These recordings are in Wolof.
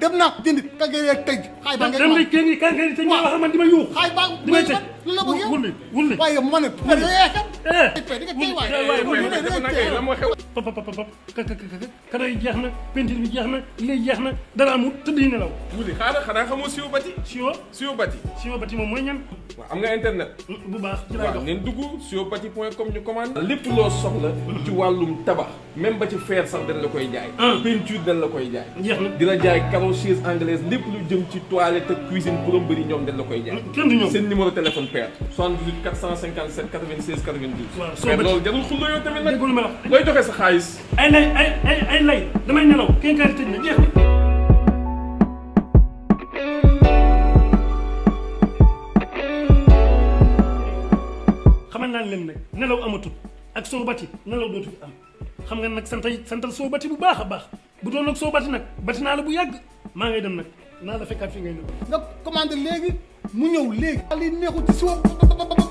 dem naa ko jëndi ka ngeen tëj. xay ba ngeen ma dem kenn yi ka ngeen tëj. waaw xay ba ngeen ma di ma yuux. xay ba ngeen ma di ma tëj wulli wulli. waaye ma ne. kara yi jeex na peinture bi jeex na lii jeex na dara amul tëdd yi nelaw wuli xaaral xanaa xamoo siwo bati siwo siwo bati siwo bati moom mooy ñan waaw am nga internet bu baax ci laa dox neen dugg siwo bati point com ñu commande loo soxla ci wàllum tabax même ci fer sax dañ la koy jaay peinture dañ la koy jaay jeex na dina jaay carreau chaise anglaise lépp lu jëm ci toilette ak cuisine plomberie ñoom dañ la koy jaay kenn du ñoom seen waaw soo bëccëg mais loolu jarul xullu yow tamit nag. déggul ma wax ngay joxe sa xaalis. ay lay ay ay ay lay damay nelaw kenn kaay tëj na jeex na. xamal naa leen nag nelaw amatul ak soobati nelaw dootu fi am xam nga nag santay santal soobati bu baax a baax bu doon nag soobati nag bati naa la bu yàgg maa ngay dem nag naa la fekkaat fi ngay ñëw. nga commandé léegi mu ñëw léegi. yi neexul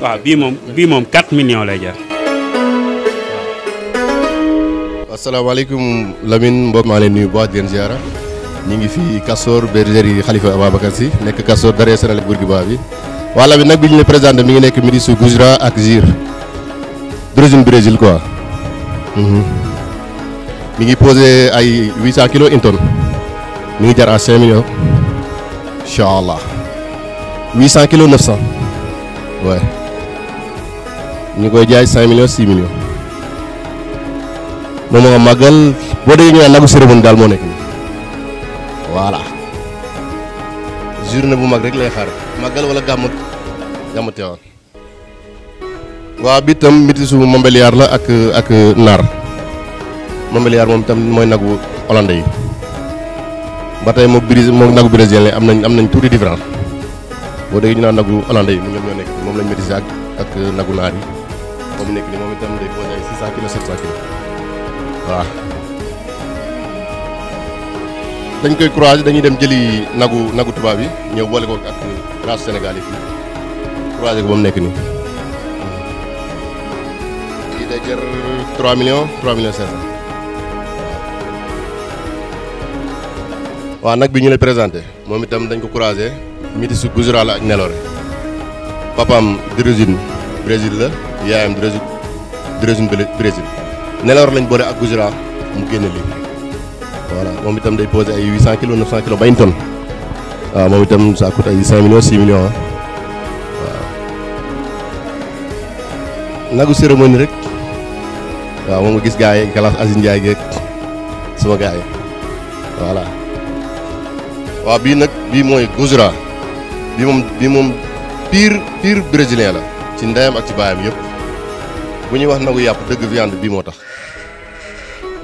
waaw bii moom bii moom 4 million lay jar. asalaamaaleykum Lamine mbokk maa leen nuyu bu baax di leen ziara ñu ngi fii Castor bergerie Khalifa Ababacar Sy nekk Castor daree Sénégal Bourguiba bi waa Lamine nag bi ñu ne présenté mi ngi nekk midi su ak Zir d'origine Brésil quoi mhm. mi ngi posé ay 800 kilos une tonne ngi jar à 5 millions incha allah ñu koy jaay 5 millions 6 millions moom moo màggal boo déggee ñu naan nagu daal moo nekk nii voilà journée bu mag rek lay xaar màggal walla gàmm gàmm teewaan waaw bi itam métisu Montbéliard la ak ak naar Montbéliard moom itam mooy nagu olande yi ba tey moom brésil moom nagu brésilien la am nañ am nañ tuuti différence boo déggee ñu naan nagu hollandais yi ñoom ñoo nekk moom lañ métisé ak ak nagu naar yi ba nekk nii moom itam day posé ay 600 kilos 700 kilos waaw. dañ koy croiser dañuy dem jëli nagu nagu tubaab yi ñëw boole ko ak race Sénégal yi fii croiser ko ba nekk nii. kii day jar 3 millions waa nag bi ñu lay présenté moom itam dañ ko croisé midi su Gujarat la ak Nelore papaam d'origine Brésil la yaayam di région Brésil Nelawar lañ boole ak Gujarat mu génne lii voilà moom itam day posé ay 800 kilos 900 kilos ba une tonne waaw moom itam ça coûte ay 5 millions 6 waaw nagu cérémonie rek waaw moom nga gis gars yi galas Aziz Ndiaye geeg sama gars yi waaw bii nag bii mooy Gujarat bi moom bi moom pire pire brésilien la ci ndeyam ak ci baayam yëpp. bu ñuy wax nagu yàpp dëgg viande bii moo tax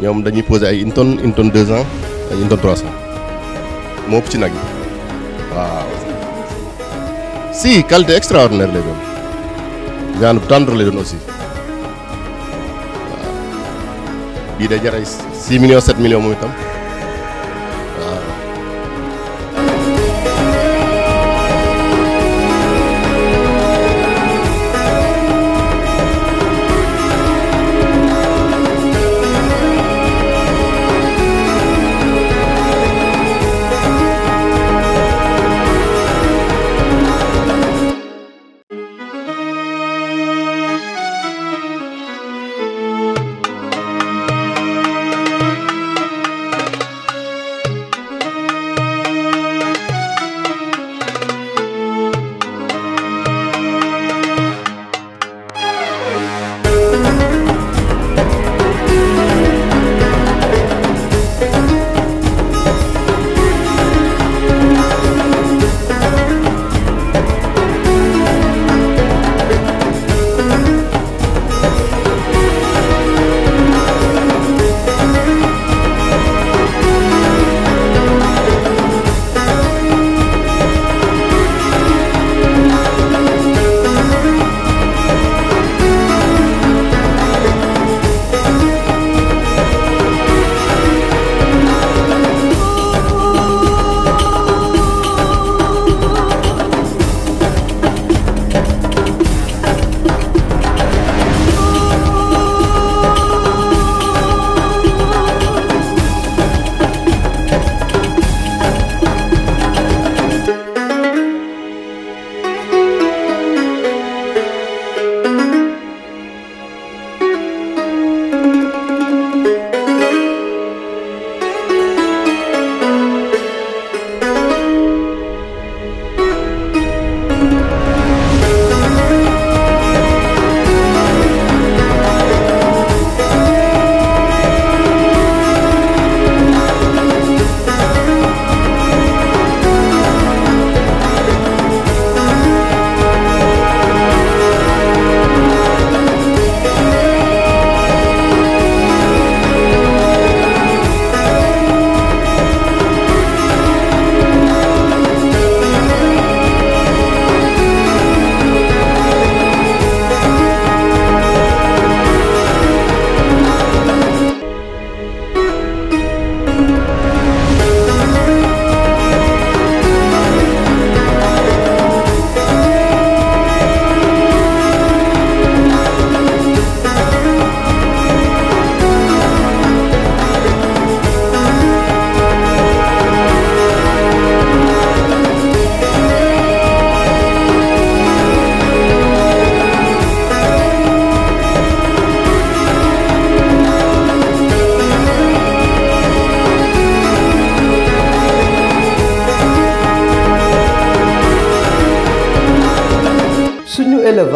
ñoom dañuy posé ay une tonne une tonne deux ay une tonne moo ëpp ci nag yi waaw si qualité extraordinaire lay doon viande bu tendre lay doon aussi waaw bii day jar ay six millions sept millions moom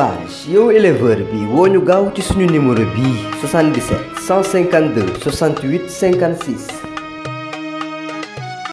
élevage yow éleveur bi woo ñu gaaw ci suñu numéro bii 77 152 68 56